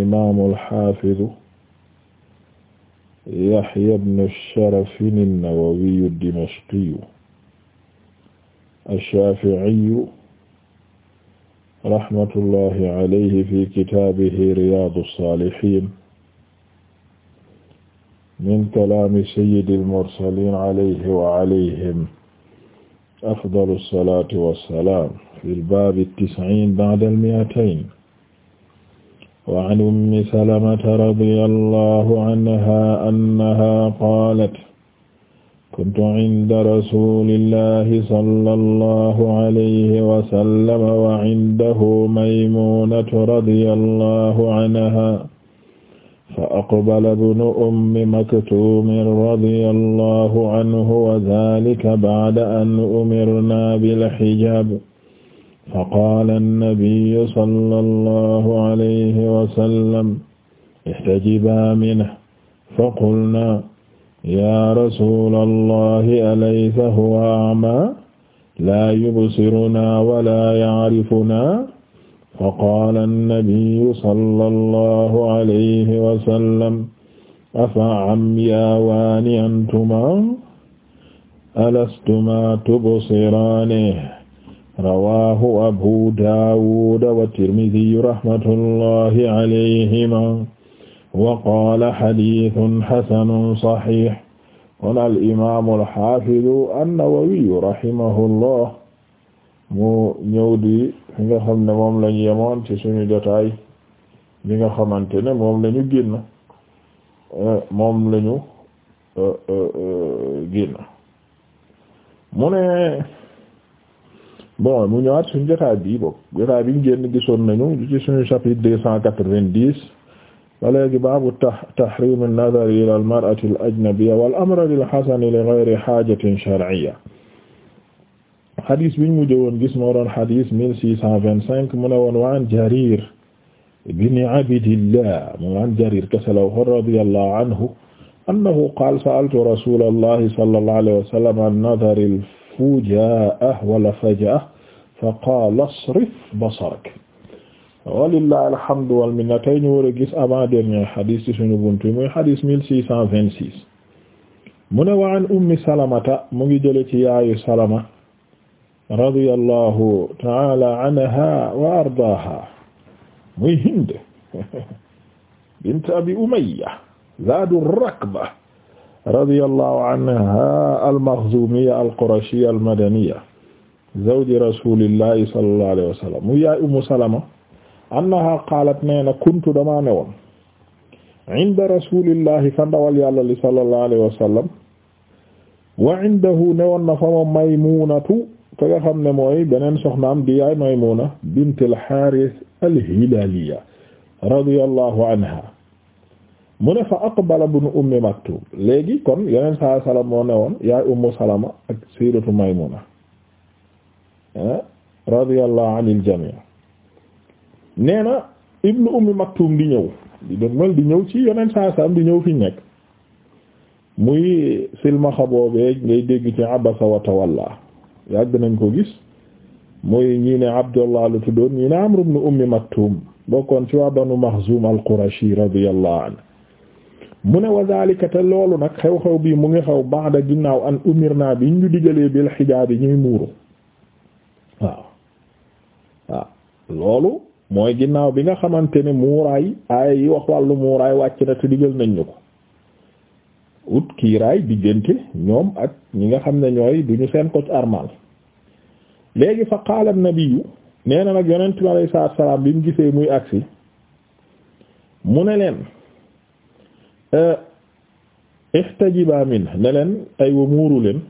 imaamul xaafidu Yaxya ibnu Sharafin an-Nawawiyu ad-Dimashqiyu ash-Shaafi'iyu rahmatullahi alayhi fi kitaabihi Riyaadu s-Saalihiin min kalaami sayyidil mursaliin alayhi wa alayhim afdalu s-salaati wa s-salaam fil baabi at-tis'iin ba'da al-mi'atayn wa an ummi salamata radiyallahu anha annaha qaalat kuntu inda rasulillahi sallallahu alayhi wa sallam wa indahu maymunatu radiyallahu anha فأقبل ابن أم مكتوم رضي الله عنه وذلك بعد أن أمرنا بالحجاب faqaala annabiyu sallallahu alayhi wa sallam ihtajibaa minhu faqulnaa yaa rasuulallahi alaysa huwa a'maa laa yubsirunaa walaa ya'rifunaa faqaala annabiyu sallallahu alayhi wa sallam afa amyaawaani antumaa alastumaa tubsiraani rawaahu abu daawud wa tirmiziyu rahmatullahi alayhima wa qaala xadiisun xasanun saxiix kon al imaamul xaafidu annawawiyu rahimahullah mu ñëw di fi nga xam ne moom lañu yemoon ci suñu jotaay bi nga xamante ne moom lañu génn moom lañu euh, euh, euh, génn mu ne bon mu ñëwaat suñu jotaay bii bokk jotaay bi ñu génn gisoon nañu ci suñu chapitre deux cent quatre-vingt-dix ba léegi baabu tahrim an-nazar ila al-mar'ati al-ajnabiyya wal amr lil-hasan li ghayri hajatin shar'iyya xadis bi ñu mujjoon gis moo doon xadis mille six cent vingt-cinq mu ne woon wa an Jarir ibn Abdillah mu an Jarir kese la waxoon radiyallahu anhu annahu qaala sa'altu rasulallahi sallallahu alayhi wa sallam an-nazar fujaa'ah wala fajaa'ah fa qaala asrif basarak walillahi alhamdu wal minna tey ñu war a gis avant dernier xadis ci suñu buntu muy xadis mille six cent vingt six mu ne wa an ummi salamata mu ngi jële ci yaayu salama radiyallahu ta'ala anha wa ardaaha muy hind bint abi umayya zaadu rakba radiyallahu anha al-Makhzumiyya al-Qurashiyya al-Madaniyya zawji rasulillahi sallallahu alayhi wa sallam mu yaay Ummu Salama annaha qaalat nee na kuntu damaa newoon inda rasulillahi fa ndawal yàlla li sallallahu alayhi wa sallam wa indahu newoon na fa ma Maymunatu ka nga xam ne mooy beneen soxnaam di yaay Maymuna bint al-Harith al-Hilaliya radiyallahu anha mu ne fa aqbala ibnu ummi maktum léegi kon yeneen saa salaam moo ne woon yaay ummu salama ak sayyidatu maymuna ah, radiyallahu anil jami nee na ibnu ummi maktum di ñëw di ñëw ci yeneen saa salaam di ñëw fi nekk muy silmaxa boobee ngay dégg ci abasa wa tawalla yàgg nañ ko gis muy ñii ne abdullah la tuddoon ñii amru ibnu ummi maktum bokkoon ci waa banu maxzum al qurashi radiyallahu anhu mu ne wa zalika te loolu nag xew-xew bii mu ngi xew ba'da ginnaaw an umirna bi ñu digalee bil xijaab yi ñuy muuru waaw waaw loolu mooy ginnaaw bi nga xamante ne muuraay ay yi wax wàllu muuraay wàcc na te digal nañ ñu ko ut kiiraay diggante ñoom ak ñi nga xam ne ñooy duñu seen koc armal léegi fa qaala an-nabiyyu nee na nag yonent bi alayhi salaam bi mu gisee muy agsi mu ne leen Eh, ihtajiba min ne leen ay wa muuru leen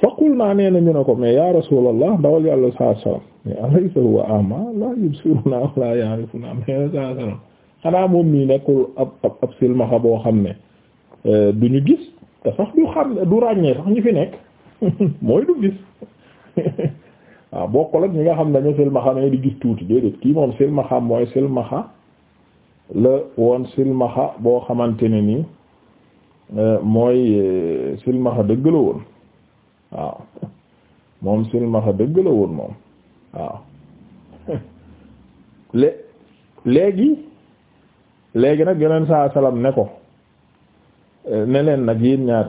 fa qulna nee na ñu ne ko mais ya rasulallah ndawal yàlla saa sallam mais alaysa huwa ama la yubsiruna wala ya'rifuna mais saa sallam xanaa moom mii nekkul ab ab silmaxa boo xam ne eh, du ñu gis te sax du xam du ràññee sax ñu fi nekk mooy du gis waaw bokkul ak ñi nga xam ne dañu silmaxa ne di gis tuuti déedéet kii moom silmaxa mooy silmaxa la woon silmaxa boo xamante ne nii euh, mooy euh, silmaxa dëgg la woon waaw moom silmaxa dëgg la woon moom waaw lé léegi léegi nag yeneen saa salaam ne ko euh, neleen nag yéen ñaar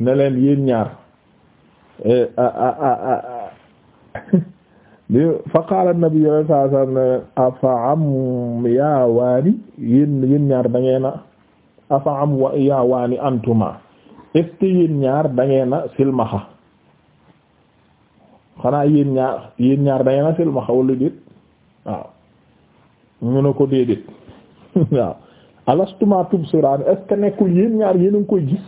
ne leen yéen ñaar fa qaala nabi yooyu saa saa ne afa am yaa waani yéen yéen ñaar da a afa am yaa waani antuma est ce que ñaar da a silmaxa xanaa yéen ñaar yéen ñaar da a silmaxa wala déet waaw ñu ne ko déedéet waaw alastuma tubsiraan est nekkul yéen ñaar yéen a ngi koy gis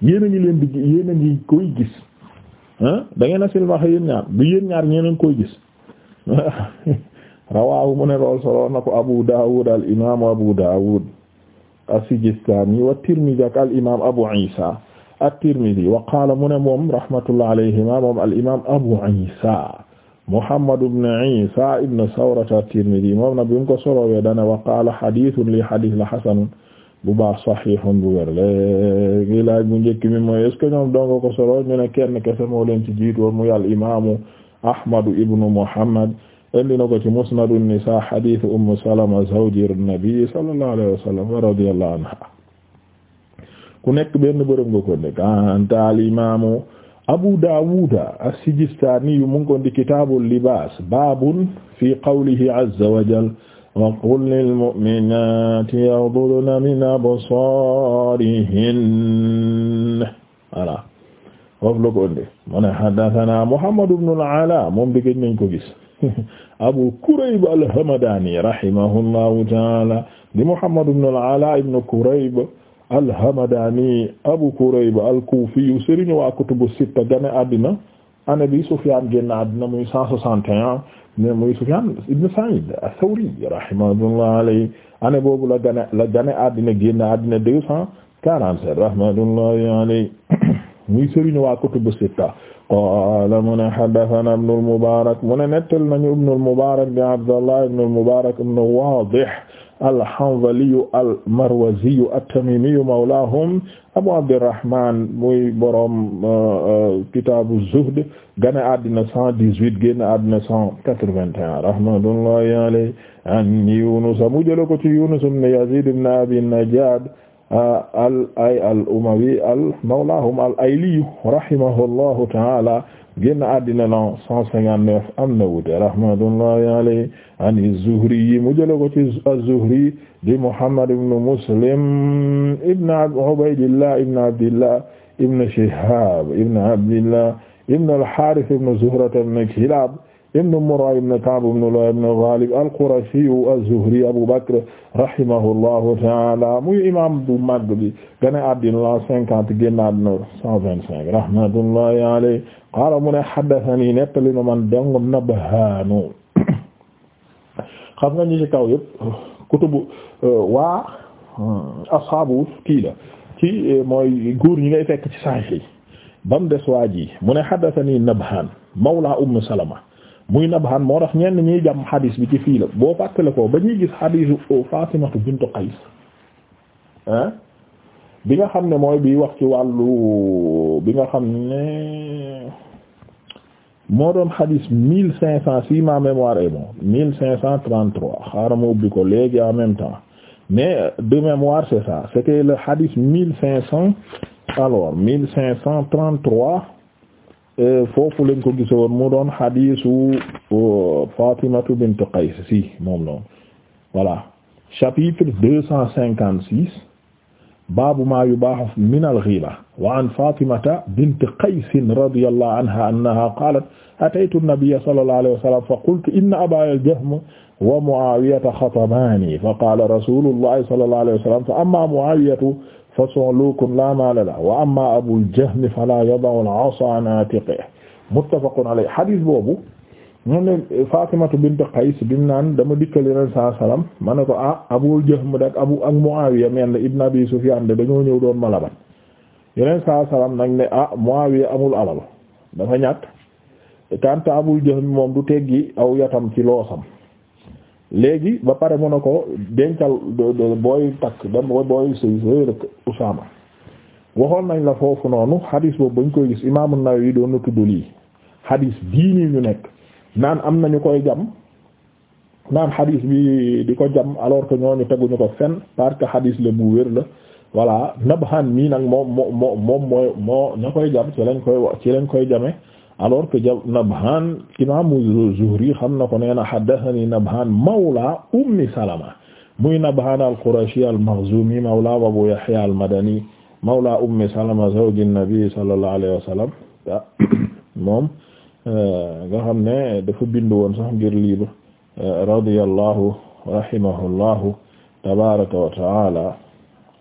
yéen a ngi leen di yéen a ngi koy gis. da ngeen a silmaxa yéen ñaar ñaar solo na ko Abu Dawud al imaamu Abu Dawud as-Sijistani wa Tirmidhi ak al imaam Abu Isa at-Tirmidhi wa mu ne moom rahmatullah alayhima moom al imaam Abu Isa Muhammad ibn Isa ibn Sawrata at-Tirmidhi moom nag bi mu ko solo li hadith la hasan bu baax saxiixun bu wér léegi laaj bu njëkk mi mooy est ce que ñoom donga ko solo ñu ne kenn kese moo leen ci jiitu woon muy al imaamu ahmadu ibnu muhammad indi na ko ci musnadu nisaa xadiisu ummu salama zawji nabi sallallahu alayhi wa sallam wa radiyallahu anha ku nekk benn bërëb nga ko nekk anta al imaamu abu daawuda as-sijistaani yu mu ngi ko di kitaabul libaas baabun fi qawlihi azza wa jalla وقل للمؤمنات يغضضن من أبصارهن voilà foofu la ko ëndi mu ne haddathana Muhammad ibn al-Ala moom di gëj nañ ko gis Abu Kurayb al-Hamadani rahimahullahu ta'ala di Muhammad ibn al-Ala ibn Kurayb al-Hamadani Abu Kurayb al-Kufi sëriñ wa kutubu sitta gane àddina année bi Sufyan génn àddina muy 161 ne muy Sufyaan ibn Sa'iid as-Sawri rahimahullah alayhi année boobu la gane la gane àddina génn àddina deux cent quarante-sept rahmatullahi alayhi muy sëriñ waa kutubu sitta qaala mu ne haddathana ibn al-Mubaarak mu ne nettal nañu ibn al-Mubaarak bi Abdullah ibn al-Mubaarak ibn Waadih al-Hanzaliyu al-Marwaziyu at-Tamimiyu mawlaahum Abu Abdirrahman muy borom uh, uh, kitaabu zuhd gane addina cent dix-huit génn addina cent quatre-vingt-un rahmatullahi alayhi an Yunus mu jël ko ci Yunus ibn Yazid ibn Abi Najjad uh, al ay al-Umawi al mawlaahum al-Ayliyu rahimahullahu ta'ala génn àddina lan cent cinquante-neuf am na wute rahmatullahi alayhi an az-Zuhri mu jële ko ci az-Zuhri di Muhammad ibn Muslim ibn Ubaydillah ibn Abdillah ibn Shihab ibn Abdillah ibn al-Harith ibn Zuhrata ibn Kilab ibn Murra ibn Ka'b ibn Lu'ay ibn Ghalib al-Qurashi az-Zuhri Abu Bakr rahimahullahu ta'ala muy imam bu mag bi gane àddina la cinquante génn àddina cent vingt-cinq rahmatullahi alayhi qaala mu ne haddathanii nettali na man dong Nabhaanu xam nga ñu ci kaw yëpp kutubu euh, waa euh, ashaabu kii la ci euh, mooy góor ñi ngay fekk ci saxiix yi ba mu des waa ji mu ne haddathanii Nabhaan mawla Umm Salama muy xan moo tax ñenn ñuy jàmm xadiis bi ci fii la boo fàttale ko ba ñuy gis xadiisu Faatimatu bintu Qays ah bi nga xam ne mooy bi wax ci wàllu bi nga xam ne moo doon xadiis mille cinq cent si ma mémoire est bon mille cinq cent trente-trois xaaral ma ubbi ko léegi en même temps mais de mémoire c'est ça c'était le xadiis mille cinq cent alors mille cinq cent trente-trois Euh, foofu lañ ko gise woon mu doon hadisu euh, Fatimatu bint Qays si moom la woon voilà chapitre deux cent cinquante six baabu maa yubaahu min al-ghiiba wa an Faatimata bint Qays radiyallahu anha annaha qaalat ataytu nabiyya sallallahu alayhi wa sallam fa qultu inna abaa al-Jahm wa Mu'aawiyata xatabaani fa qaala rasuulullahi sallallahu alayhi wa sallam fa ammaa Mu'aawiyatu fa su'luukun laa maala lahu wa ammaa abul Jahm falaa yada'u al-'asaa 'an aatiqihi muttafaqun alayhi hadiis boobu mu ne Fatimatu bint Qays bi mu naan dama dikkal Yonent saa salaam ma ne ko ah Abul Jahm ak Abu ak Muawiya mel na Abi Sufyan de dañoo ñëw doon ma labat Yonent saa salaam nag ne ah Muawiya amul alal dafa ñàkk kanta Abul Jahm moom du teggi aw yatam ci loosam léegi ba pare mu ne ko dencal booy takk da booy sëy sooy rek Usaama waxoon nañ la foofu noonu xadiis boobu bañ koy gis Imaam An-Nawawi doon na tudd lii xadiis bii ñu nekk naan am nañu koy jam naan xadis bi di ko jam alors que ñooñu teguñu ko fenn parce que xadis la bu wér la voilà nabhan mii nag mo moo moo moom mooy moo ña koy jam ci lañ koy ci lañ koy jame alors que ja nabhan imaamu Zuhri xam na ko nee na haddathani nabhan mawla ummi salama muy nabhan al-qurashi al-makhzumi mawla abu yahya al-madani mawla ummi salama zawji nabi sallallahu alayhi Euh, nga xam ne dafa bind woon sax ngir libre euh, radiyallahu rahimahullahu tabaraka wa taala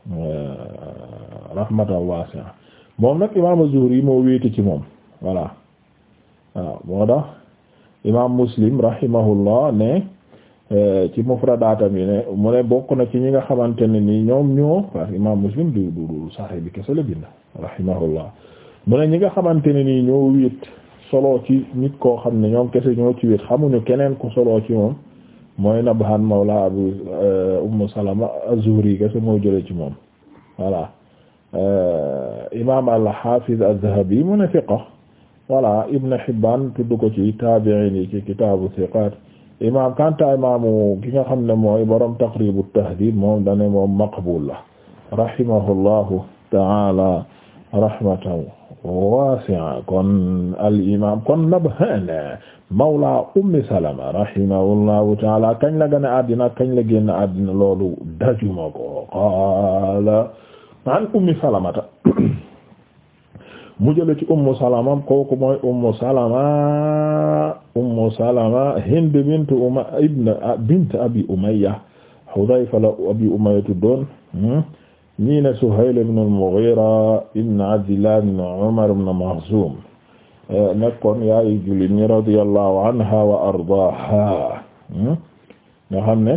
euh, rahmatan wasi'a moom nag imam az-Zuhri moo wéete ci moom voilà waaw moo tax imam Muslim rahimahullah ne ci mufradaatam yi ne mu ne bokk na ci ñi nga xamante ne ni ñoom ñoo parce que imam Muslim du du du saxe bi kese la bind rahimahullah mu ne ñi nga xamante nii ñoo wéet soloo ci nit koo xam ne ñoom kese ñoo ci wét xamuñu keneen ku soloo ci moom mooy Nabhan mawla Abu Umm Salama az-Zuhri kese moo jëlee ci moom voilà euh, imaam al-Hafiz az-Zahabi mu ne thiqa voilà Ibn Hibban tudd ko ci taabi'iin yi ci kitaabu thiqaat imaam kanta imaamu ki nga xam ne mooy borom Taqrib at-Tahdhib moom dane moom maqbul la rahimahullahu ta'ala rahmatan wasi'a kon al imam kon Nabhan mawla ummi Salama rahimahullahu ta'ala kañ la gën a kañ la génn addina loolu dajuma ko qaala an ummi Salamata mu jële ci ummu Salama kooku mooy ummu Salama ummu Salama Hind bint Umayya ibn bint Abi Umayya Hudayfa la Abi Umayya tuddoon hmm? ñii ne Suhayl ibn al Abdillah ibn Umar ibn Makhzum eh, nekkoon yaayu jullit ñi radiyallahu anha wa ardaaha hmm? nga xam ne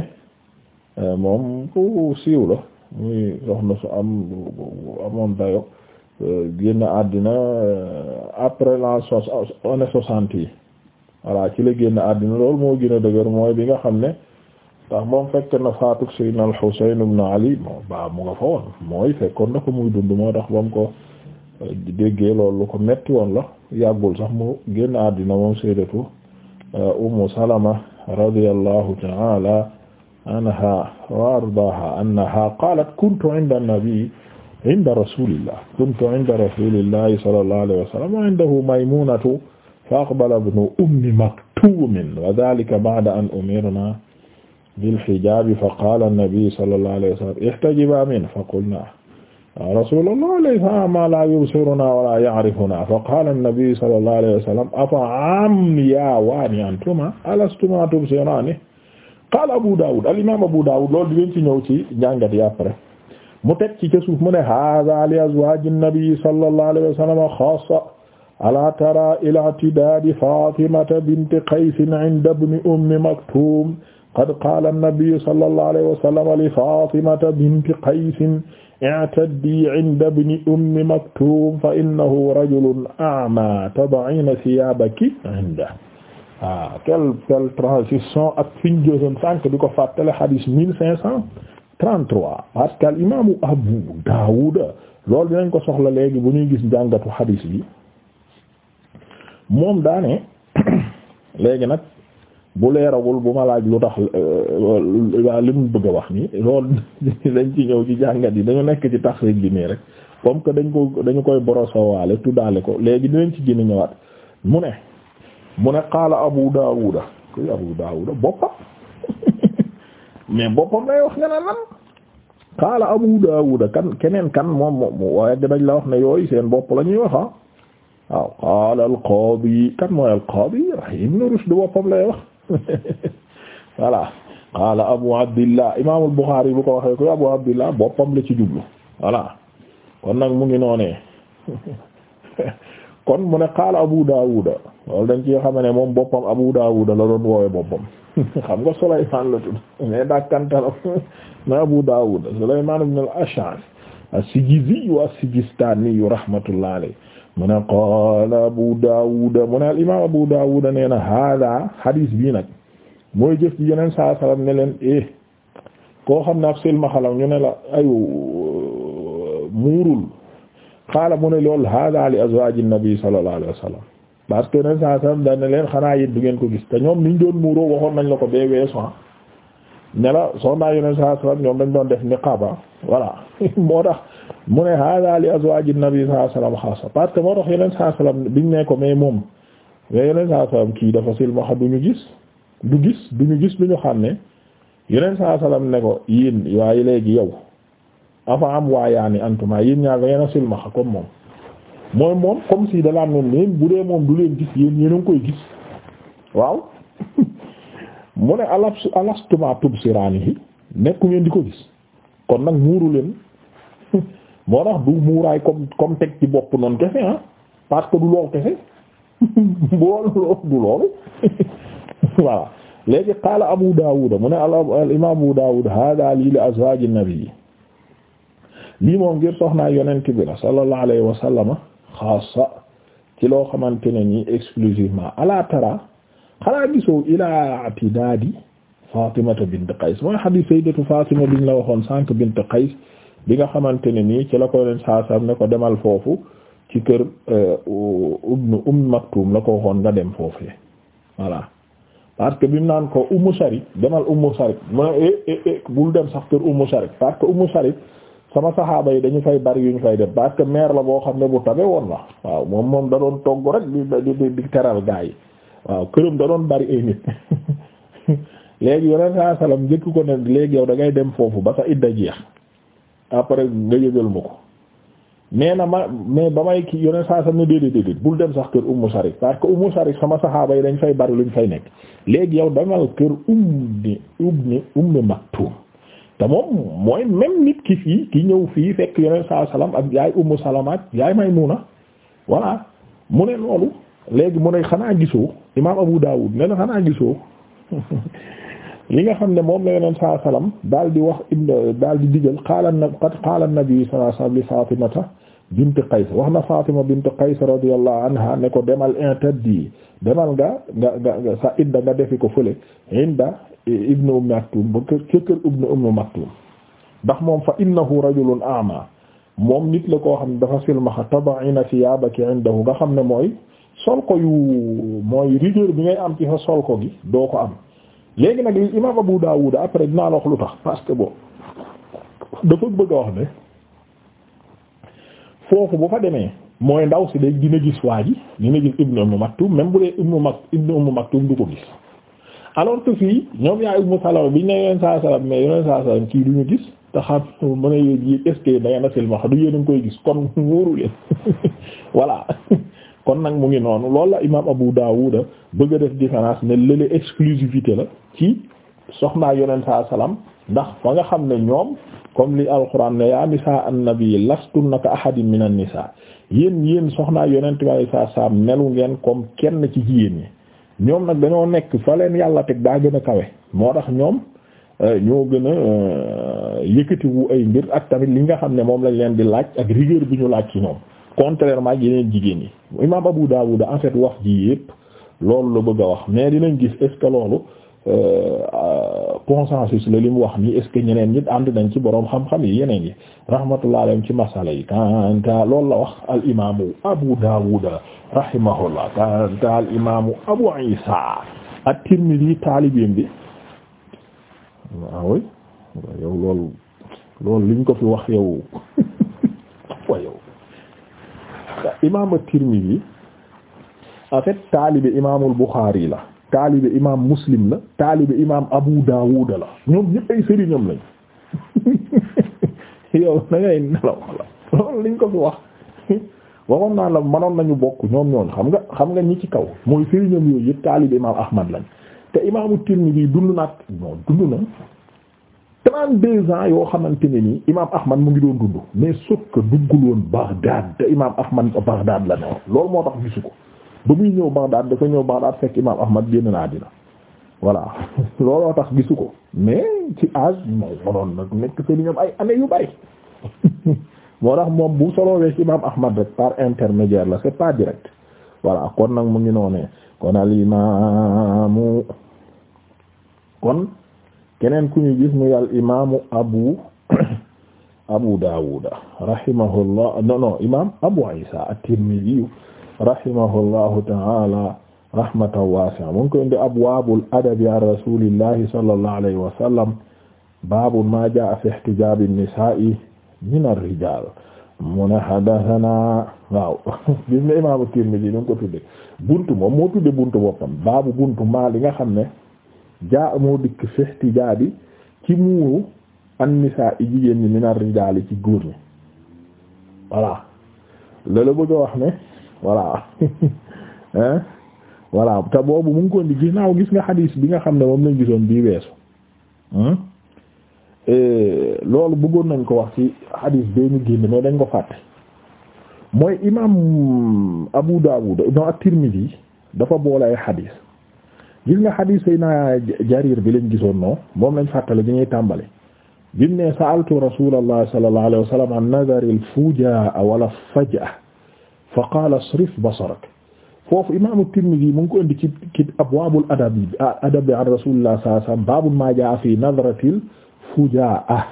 eh, moom ku siiw la muy soxna su am amoon dayo eh, génn àddina après la année soixante yi voilà ci la génn àddina loolu moo gën a dëgër mooy bi nga xam ne ndax moom fekk na faatu Seydina al-Husayn ibn Ali moom ba mu nga fa woon mooy fekkoon na ko muy dund moo tax ba mu ko euh, déggee loolu lu ko metti woon la yàggul sax mu génn àddina moom Sayyidatu euh, Ummu Salama radiyallahu ta'ala anha wa ardaaha annaha qaalat kuntu inda an-nabi inda rasulillah kuntu inda rasulillah sallallahu alayhi wa sallam wa indahu Maymunatu fa aqbala ibnu Ummi Maktuum wa dhaalika ba'da an umirna bilhijabi fa qala annabi sallallahu alayhi wa sallam ihtajiba min fa qulna ya rasulallah laysa ma la yubsiruna wala ya'rifuna fa qala annabi sallallahu alayhi wa sallam afa amyawaani antuma alastuma tubsirani qala Abu Dawud al-imam Abu Dawud loolu dinañ ci ñëw ci jàngat yi après mu teg ci ca suuf mu ne hada li azwaji nabi sallallahu alayhi wa sallam xaasa ala tara ila i'tidaadi Fatimata binti Qays inda ibni ummi Maktum qad qaala an-nabiyyu sallallahu alayhi wa sallam li Faatimata binti Qaysin i'taddii 'inda ibni ummi Maktuum fa innahu rajulun a'maa tad'ina siyaabaki 'indahu ah quelle belle transition ak fi ñu jógee sànq di ko fàttali hadis 1533 parce que imaamu Abu Daawud loolu dinañ ko soxla léegi bu ñuy gis njàngatu hadis bi moom daane léegi nag. bu leerawul bu ma laaj lu tax euh, waa li mu bëgg a wax nii loolu dañ ci ñëw ci jàngat yi dañu nekk ci taxriij bi nii rek comme que dañ ko dañu koy tu daale ko léegi dinañ ci gën ñëwaat mu ne mu ne qaala Abu Daawuda kuy Abu Daawuda boppam mais boppam wax nga naan lan kan keneen kan moom moom waaye dañ la wax ne yooyu seen bopp la ñuy wax ah waaw qaala al kan mooy al-Qaadi Ibn Rushd boppam lay wax. voilà qaala abu abdillah imaamul buxaari bu ko waxee ko abu abdillah boppam la ci jublu voilà kon nag mu ngi noonee kon mu ne qaala abu daawuda loolu dañ ci xam ne moom boppam abu daawuda la doon woowe boppam xam nga sulaymaan la tudd mais dàkkantalam na abu daawuda sulaymaan ibn al-ash'ath as-sijizi wa as-sijistani rahmatullah mu ne qaala Abu Daawud mu ne al Abu Daawud nee na haadaa hadis bii nag mooy jëf ci yeneen saa salaam ne leen eh xam ne ab silma xalam ñu ne la ayu muurul xaala mu ne lool haadaa li azwaaji nabi sallallahu alayhi wa sallam parce que yeneen saa salaam daan ne leen xanaa yéen du ngeen ko gis te ñoom niñ doon muuroo waxoon nañ la ko bee weesu ah ne la soo naa yeneen saa salaam ñoom dañ doon def niqaaba ah. voilà moo tax. mu ne hada li azwaaji nabi sallallahu alayhi wasallam xaasa parce que moo tax yeneen sallallahu alayhi wasallam biñ ne ko mais moom mais yeneen sallallahu alayhi wasallam kii dafa silmaxa du ñu gis du gis du ñu gis du ñu xam ne yeneen sa alayhi wasallam ne ko yéen waaye léegi yow afa am waayaani antuma yéen ñaar da ngeen a silmaxa comme moom mooy moom comme si dalaan noon leen bu dee moom du leen gis yéen yéen koy gis waaw mu ne alas alastuma tubsiraanihi nekku ngeen di ko gis kon nag muuru leen moo tax du muuraay comme comme teg ci bopp noonu kese ah parce que du loolu kese booloo du loolu voilà léegi qaala Abu Daawuda mu ne al imaam Abu Daawud hada lii li azwaaji nabi lii moom ngir soxnaa yonent bi la sallallahu alayhi wa sallama xaasa ci loo xamante ne nii exclusivement ala tara xalaa gisoo ilaa atidaadi Faatimata bint Qays mooy xadiis sayyidatu Faatima biñ la waxoon sànq bint Qays bi nga xamante ne nii ci la ko leen saasam ne ko demal foofu ci kër ibnu euh, Umm Maktum la ko waxoon nga dem foofee voilà parce que bi mu naan ko Ummu Sharik demal Ummu Sharik mu ne eh, eh, eh, bul dem sax kër Ummu Sharik parce que Ummu Sharik sama saxaaba yi dañu fay bari yu ñu fay dem parce que maire la boo xam ne bu tabe woon la waaw moom moom da doon togg rek di di di teral gaa yi waaw këram da doon bari ay léegi yoneen saa salaam njëkk ko ne léegi yow da ngay dem foofu ba sa idda jeex après nga yëgal ma ko nee na ma mais ba may kii yoneen saa sam ne déedéet déedéet bul dem sax kër umu sari parce que ummu sharik sama saxaaba yi dañ fay bari ñu fay nekk léegi yow dangal kër ummi ummi ummi maktum te moom mooy même nit ki fii ki ñëw fii fekk yoneen saa salam ak yaay ummu salama ak yaay maymuna voilà mu ne loolu léegi mu ne xanaa gisoo imaam abu daawud ne na xanaa gisoo li nga xam ne moom la sa saa salaam daal di wax ibn daal di digal qaala na qad qaala nabi sallallahu alayhi wa sallam li Fatimata bint Qays wax na Fatima bint Qays radiyallahu anha ne ko demal interdit demal nga nga nga sa idda nga defi ko fële inda ibn Umm Maktum ba kër kër ibn Umm Maktum ndax moom fa innahu rajulun a'ma moom nit la koo xam ne dafa silmaxa tabaina siyaabaki indahu nga xam ne mooy sol ko yu mooy rigueur bi ngay am ci sa sol ko gi doo ko am léegi nag li imam daa Dawud après dinaa la lu tax parce que bon dafa bëgg a wax ne foofu bu fa demee mooy ndaw si day dina gis waa ji dina gis Ibnu Umm Maktum même bu dee Ibnu Mak Ibnu Umm Maktum du ko gis alors que fii ñoom yaa Ummu Salama biñ ne yoneen saa salam mais yoneen saa salam kii duñu gis te a yéeg yi est-ce que dangeen a silmaxa du koy gis kon wóoru leen voilà kon nag mu ngi noonu loolu la imaam Abu Daawuda bëgg a def différence ne lële exclusivité la ci soxnaa yonent saa salaam ndax fa nga xam ne ñoom comme li alquran ne yaa nisaa an-nabi lastunna ka ahadin min an-nisaa yéen yéen soxnaa yonent bi saa saa melu ngeen comme kenn ci jigéen ñi ñoom nag dañoo nekk fa leen yàlla teg daa gën a kawe moo tax ñoom euh, ñoo gën a euh, yëkkatiwu ay mbir ak tamit li nga xam ne moom lañ leen di laaj ak rigueur bi ñu laaj ci ñoom contrairement ak yeneen jigéen yi. imaam Abu Dawud en fait wax ji yëpp loolu la bëgg a wax mais dinañ gis est ce que loolu euh, la li mu wax nii est ce que ñeneen ñi ànd nañ ci boroom xam-xam yi yeneen yi rahmatullah alayhim ci masala yi kanta loolu la wax al imaamu Abu Dawud rahimahullah kanta al imaamu Abu Isa at-Tirmidhi taalibeem bi waaw ah yow loolu loolu liñ ko fi wax yow imaam at-Tirmidhi en fait taalibe imaamul Bukhari la taalibe imaam Muslim la taalibe imaam Abu Dawud la ñoom ñëpp ay sëriñam lañ yow da ngay nelaw la loolu liñ ko fi wax waxoon naa la manoon nañu bokk ñoom ñooñu xam nga xam nga ñi ci kaw mooy sëriñam yooyu yëpp taalibe imaam Ahmad lañ te imaamu Tirmidhi dund na ak dund na trente-deux yoo xamante ne nii imaam Ahmad mu ngi doon dund mais sauf que duggul woon Baghdad te imaam Ahmad Baghdad la ne loolu moo tax gisu ko ba muy ñëw Baghdad dafa ñëw Baghdad fekk imaam Ahmad génn na àddina voilà looloo tax gisu ko mais ci âge moo mënoon nag nekk seen ñoom ay années yu bari moo tax moom bu soloowee ci imaam Ahmad rek par intermédiaire la c'est pas direct voilà kon nag mu ngi noonee kon al kon keneen ku ñu gis muy al imaamu abu abu daawuda rahimahullah non non imaam abu isa at-tirmidhi rahimahullahu ta'ala rahmatan wasi'a mu ngi koy indi adabi an rasulillahi sallallahu alayhi wa sallam baabu ma jaa'a fi ihtijaabi nisaa'i min ar-rijaal mu ne haddasanaa waaw gis nga imaamu ko tudde buntu moom moo tudde buntu boppam baabu buntu maa nga xam ne jaa moo dikk fexti jaabi ci muuru an nisaa i jigéen ñi minar rijaali ci góor ñi voilà lala bëgg wax ne voilà hein voilà te boobu mu ko di ginaaw gis nga xadiis bi nga xam ne moom lañ gisoon bii weesu loolu bëggoon nañ ko wax ci xadiis bee ñu génn mais dañ ko fàtte mooy imaam Abu Dawud non ak Tirmidhi dafa boole xadiis gis nga xadiis yi naa jarir bi lañ gisoon noonu moom lañ fàttale bi ñuy tàmbale bim ne sa'altu rasulallah sallallahu alayhi wa sallam an nadari al fujaa wala fajaa fa qaala asrif basarak foofu imaamu Tirmidi mu ngi ko indi ci ci abwaabul adab yi adab an rasulillah sallallahu alayhi wa sallam baabu maa jaa fi nadratil fujaa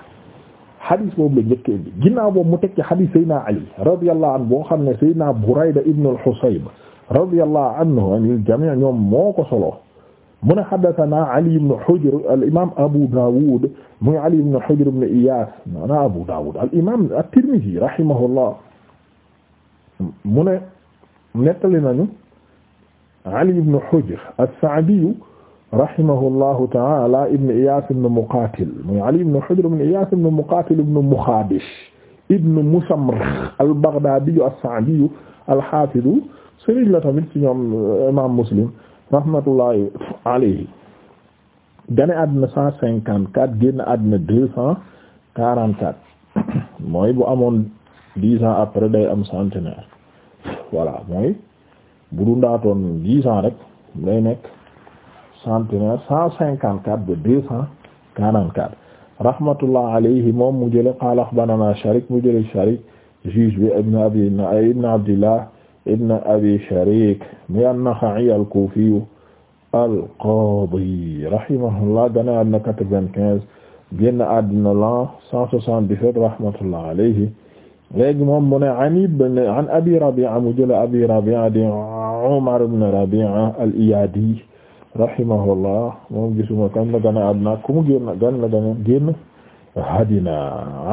xadis boobu la njëkkee bi ginnaaw boobu mu teg ci xadis Seydina Ali radiyallahu anhu boo xam ne Seydina Burayda ibn al-Husayb radiyallahu anhu anil jamii ñoom moo ko solo mu ne haddathana Ali ibn Hujr al imaam Abu Dawud muy Ali ibn Hujr ibn Iyas ana Abu Dawud al imaam at-Tirmidhi rahimahullah mu ne nettali nañu Ali ibn Hujr as-Sa'di rahimahullahu ta'ala ibn Iyas ibn Muqatil muy Ali ibn Hujr ibn Iyas ibn Muqatil ibn Mukhabish ibn Musamrakh al-Baghdadi as-Sa'di al-Hafiz sëriñ la tamit ci ñoom imaam Muslim rahmatullahi alayhi gane àddina cent cinquante quatre génn àddina deux cent quarante quatre mooy bu amoon dix ans après day am centenaire voilà mooy bu dundaatoon dix ans rek day nekk centenaire cent cinquante quatre ba deux cent quarante quatre rahmatullah alayhi moom mu jële qaala axbarana Sharik mu jële Sharik juge bi ibn abi ibn Abdillah ibn abi sharik mi an-Nakha'i al-Kufi al-Qadi rahimahullah gana adna quatre-vingt-quinze génn àddina l'an cent soixante-dix-sept rahmatullah alayhi léegi moom mu ne ani ibn an abi Rabi'a mu jële abi Rabi'a di Umar ibn Rabi'a al-Iyadi rahimahullah moom gisuma kan la gana adna ku mu génn gan la gana génn hadina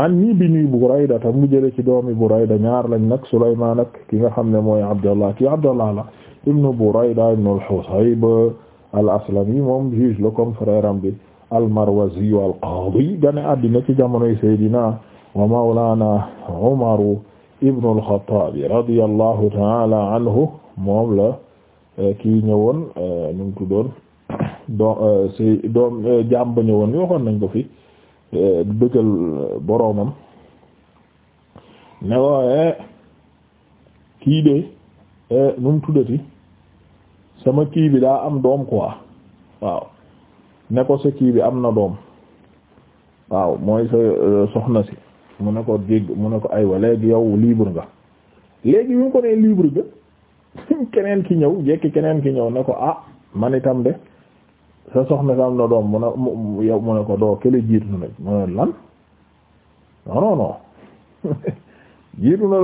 anni bini Burayda ta mu jële ci doomi Burayda ñaar lañ nag Sulaymaan ak ki nga xam ne mooy Abdallah ki Abdallah la ibnu Burayda ibnu al-Husayb al moom juge la comme frère am bi al-Marwazi al-Qaadi gane addina ci jamonoy Seydina wa mawlaana Umar ibnu al-Khattaab ta'ala anhu moom la eh, ki ñëwoon ñu eh, ngi tuddoon eh, doom doom jàmb ñëwoon waxoon nañ ko fi bëggal euh, euh, boroomam ne ko eh, kii de eh, nu mu tuddati sama kii bi daa am doom quoi waaw ne ko sa kii bi am na doom waaw mooy euh, soxna si mu ne ko dégg mu ne ko aywa léegi yow libre nga léegi bi mu ko nee libre nga keneen ki ñëw jekki keneen ki ñëw ne ko ah man de sa soxna sa am na doom mu ne mu yow mu ne ko doo kële jiitu na mu ne lan non non non jiitu na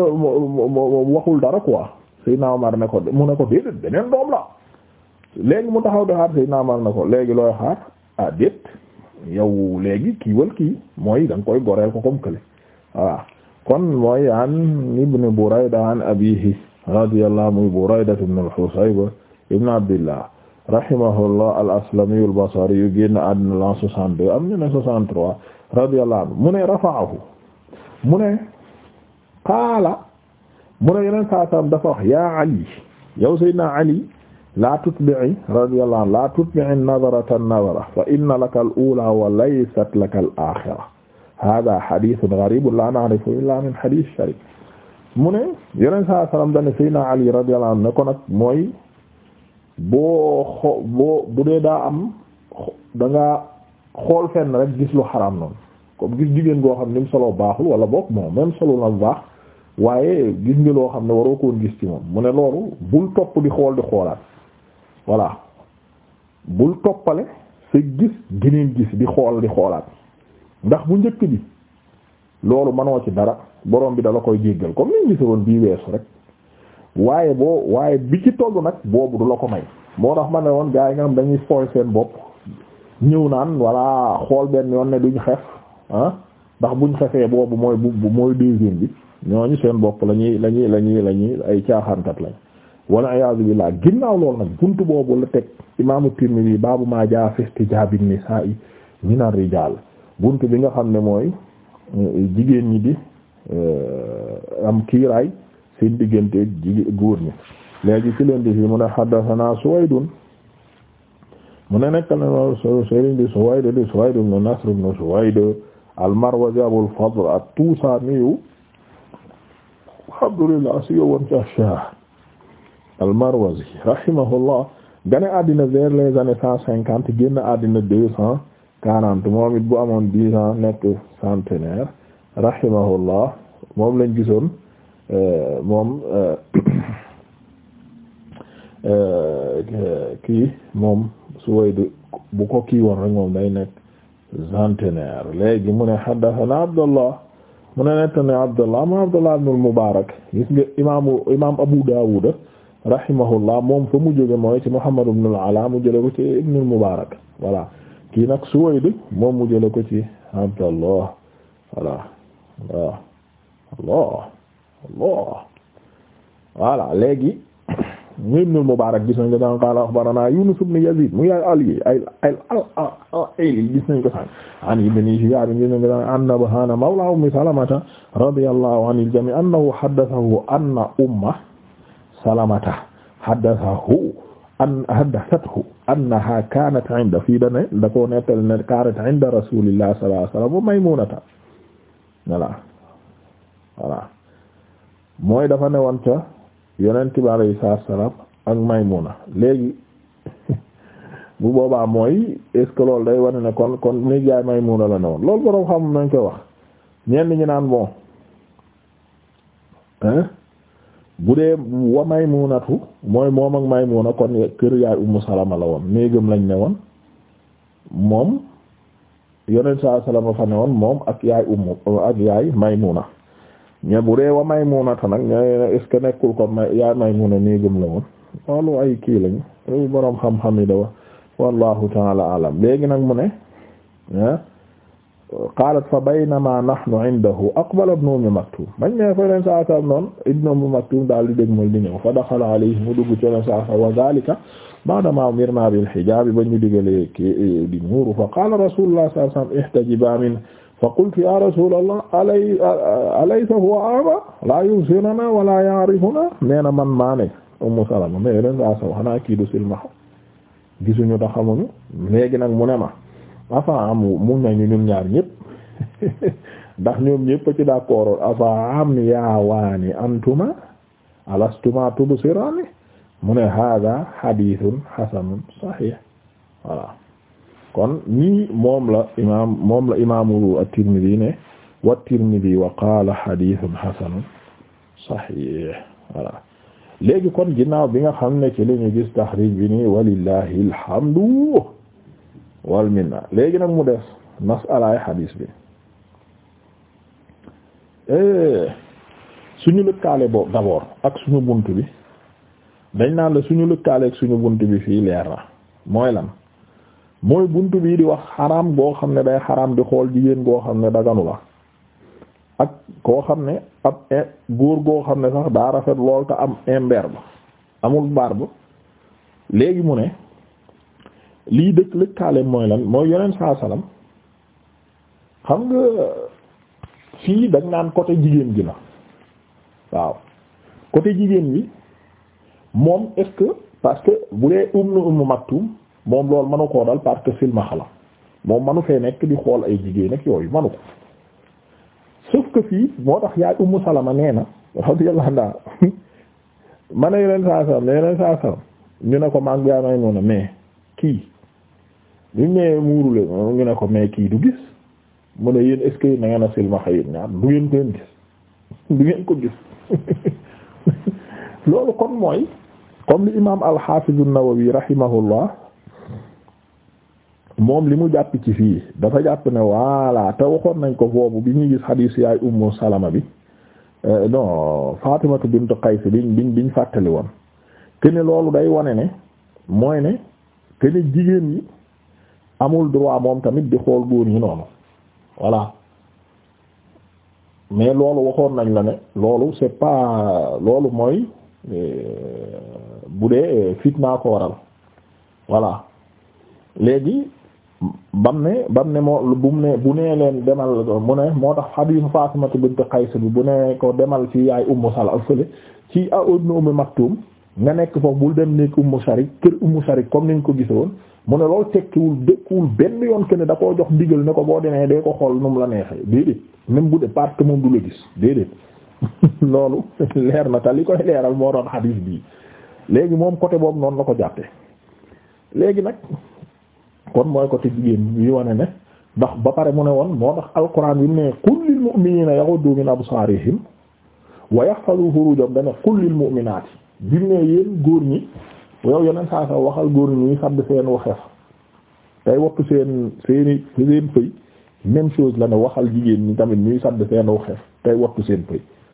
waxul dara quoi Seydina Omar ne ko mu ne ko déedéet beneen doom la léegi mu taxaw di xaar Seydina Omar ne ko léegi looy xaar ah déet yow léegi kiiwal kii mooy da koy goreel ko comme kële voilà kon mooy an ibn Burayda an abihi radiyallahu anhu Burayda ibn al rahimahullah al-Aslami al-Basri yu génn àddina l'an 62 am ñu ne 63 radiyallahu anhu mu ne rafa'ahu mu ne qaala mu ne yeneen saa saam dafa wax yaa Ali yow Seydina Ali laa tutbi'i radiyallahu anhu laa tutbi'i an-nazarata an-nazara fa inna laka al-ula wa laysat laka al-akhira hada hadithun gharibun la na'rifu illa min hadith Sharif mu ne yeneen saa saam dañu ne Seydina Ali radiyallahu anhu ne ko nag mooy boo xo boo bu dee daa am da nga xool fenn rek gis lu xaraam noonu comme gis jigéen goo xam ne mu solo baaxul wala boog moom même solo na baax waaye gis nga loo xam ne waroo koon gis ci moom mu ne loolu bul topp di xool di xoolaat voilà bul toppale sa gis gineen gis di xool di xoolaat ndax bu njëkk bi loolu mënoo ci dara borom bi dala koy jéggal comme niñ gisoon bii weesu rek waaye boo waaye bi ci tollu nag boobu du la ko may moo tax ma ne woon gaa yi nga xam dañuy fooy seen bopp ñëw naan walla xool benn yoon ne duñ xef ah ndax buñ xefee boobu mooy bu mooy deuxième bi ñooñu seen bopp la ñuy la ñuy la la ñuy ay caaxaankat lañ walla iyaazu billaah ginnaaw loolu nag bunt boobu la teg imaamu Tirmidhi baabu maa jaa fi istijaabi nisaa'i mina rijaal buntu bi nga xam ne mooy eh, jigéen ñi di eh, am kiiraay seen diggante jigéen góor ñi léegi ci leen fi mu ne haddathana Suwaydun mu ne nekk na Serigne di Suwayd di Suwayd ibn Nasr ibn Suwayd al-Marwazi alhamdulillah si yo woon ci Shah al gane àddina vers les années cent centenaire rahimahullah moom lañ gisoon Euh, moom euh, euh, kii moom Suwayd bu ko kii woon rek moom day nekk centenaire léegi mu ne haddathana Abdullah mu ne nettane Abdullah ma Abdullah ibn al-Mubarak gis nga imaamu imaam Abu Dawud rahimahullah moom fa mu jóge mooy ci Muhammad ibn al mu jële ko ci ibn al-Mubarak voilà kii nag Suwayd moom mu jële ko ci Abdullah voilà waaw Allah Allah voilà léegi mu ibnul Mubaarak gis nañ ko sànq qaala axbaranaa Yuunus ibn Yaziid mu yaay Aliou ay ay al-Ayli gis nañ ko sànq an Ibn Shihaab gis nañ ko sànq an Nabhaana mawlaa Ummi Salamata radiyallaahu anil jamii' annahu haddathahu anna Umma Salamata haddathahu an haddathathu annahaa kaanat 'inda fii da ne da koo nettal ne kaanat 'inda Rasuulillaahi sallallaahu alayhi wa sallam Maymuunata voilà voilà. mooy dafa newoon ca yonent bi alayhi salaam ak may Maymuna léegi bu boobaa mooy est ce loolu day wane ne kon kon néeg yaay Maymuna la newoon loolu borom xam nañ koy wax ñenn ñi naan bon bu dee wa Maymunatu mooy moom ak Maymuna kon kër yaay Ummu Salama la woon néegam lañ ne woon moom yeneen saa salama fa ne woon moom ak yaay Ummu ak yaay Maymuna ña bu dee wa Maymunata nag est ce que nekkul ko yaa Maymuna néegam la woon loolu ay kii lañ yooyu borom yi da wax wallahu taala alam léegi nag mu ne ah qalat fa baynama nahnu indahu aqbala ibnu ummi maktum bañ ne fa leen saa saam noonu ibnu ummi maktum daal di dégmal di ñëw fa daxala alayhi mu dugg ci leen saa saam wa zalika ba'dama umirna bil hijaab ba ñu digalee kii di muuru fa qala rasulullah sallallahu alayhi wasallam ihtajiba fa qultu ya rasulallah alay alaysa huwa ama la yubsiruna wala ya'rifuna nee man maa ne salama mais yeneen saa saw xanaa kii silmaxa gisuñu ta xamuñu léegi nag mu ne ma afa am mu nañu ñun ñaar ñëpp ndax ñoom ñëpp ci d'accord afa am yaa antuma alastuma tubsirani mu ne hada hadithun hasanun sahih voilà kon nii moom la imaam moom la imaamu at-Tirmidhi ne wa at-Tirmidhi wa qaala hadithun hasanun sahih voilà léegi kon ginnaaw bi nga xam ne ci li ñu gis taxrij bi nii walillahi alhamdu wal minna léegi nag mu des masalaay hadith bi eh, suñu lëkkaale bo ak suñu bunt bi dañ naan la suñu lëkkaale suñu bunt bi fii leer na mooy lan mooy buntu bii di wax xaraam boo xam ne day xaram di xool jigéen goo xam ne daganu la ak koo xam ne ab e góor goo xam ne sax daa rafet lool te am imberbe amul baar barbe léegi mu ne lii dëkk lëkkaale mooy lan mooy yoneen saa salam xam nga fii dañ naan côté jigéen gi la waaw côté jigéen bi moom est-ce que bu dee um na umu maktum moom loolu manu koo dal parce que silmaxa la moom manu fee nekk di xool ay jigéen ak yooyu manu ko sauf que fii moo tax yaay ummu salama nee na radiyallahu anha ma ne yeneen saa salam ne saa salam ñu ne ko maag yaa may noonu mais kii ñu nee muurule ñu ne ko mais kii du gis mu ne yéen est-ce que na silmaxa yéen ñaar du ngeen ko gis ko gis loolu kon mooy comme li imam al-Hafiz an-Nawawi rahimahullah moom li mu jàpp ci fii dafa jàpp ne voilà te waxoon nañ ko boobu bi ñuy gis xadiis yaay ummu salama bi euh, non fatimatu bintu qays biñ fàttali woon ke ne loolu day wane ne mooy ne ke ne jigéen ñi amul droit moom tamit di xool góor ñu noonu voilà mais loolu waxoon nañ la ne loolu c'est pas loolu mooy euh, bu dee fitna ko waral voilà léegi bam ne bam ne moo bu ne bu nee leen demal mu ne moo tax hadiisu Fatima bint Qays bi bu ne ko demal ci yaay Ummu Salama fële ci a ibnu Ummi Maktum nga nekk foofu bul dem nekk Ummu Sharik kër Ummu Sharik comme niñ ko woon mu ne loolu tekkiwul dëkkuwul benn yoon que ne da koo jox digal ne ko boo demee dee ko xool nu mu la neexee déedéet même bu dee parce que moom du la gis déedéet loolu leer na ta li koy leeral moo doon hadiis bii léegi moom côté boobu noonu la ko jàppee nag. kon mooy côté jigéen yi wane ne ndax ba pare mu ne woon moo tax alquran yi mu ne qul lil mu'minina yaghuddu min absarihim wa yahfazu furujahum dana qul lil mu'minati bi mu ne yéen góor ñi yow yeneen saa sa waxal góor ñi ñuy sàdd seen waxeef tey wattu seen seeni seen pëy même chose la ne waxal jigéen ñi tamit ñuy sàdd seen waxeef tey wattu seen pëy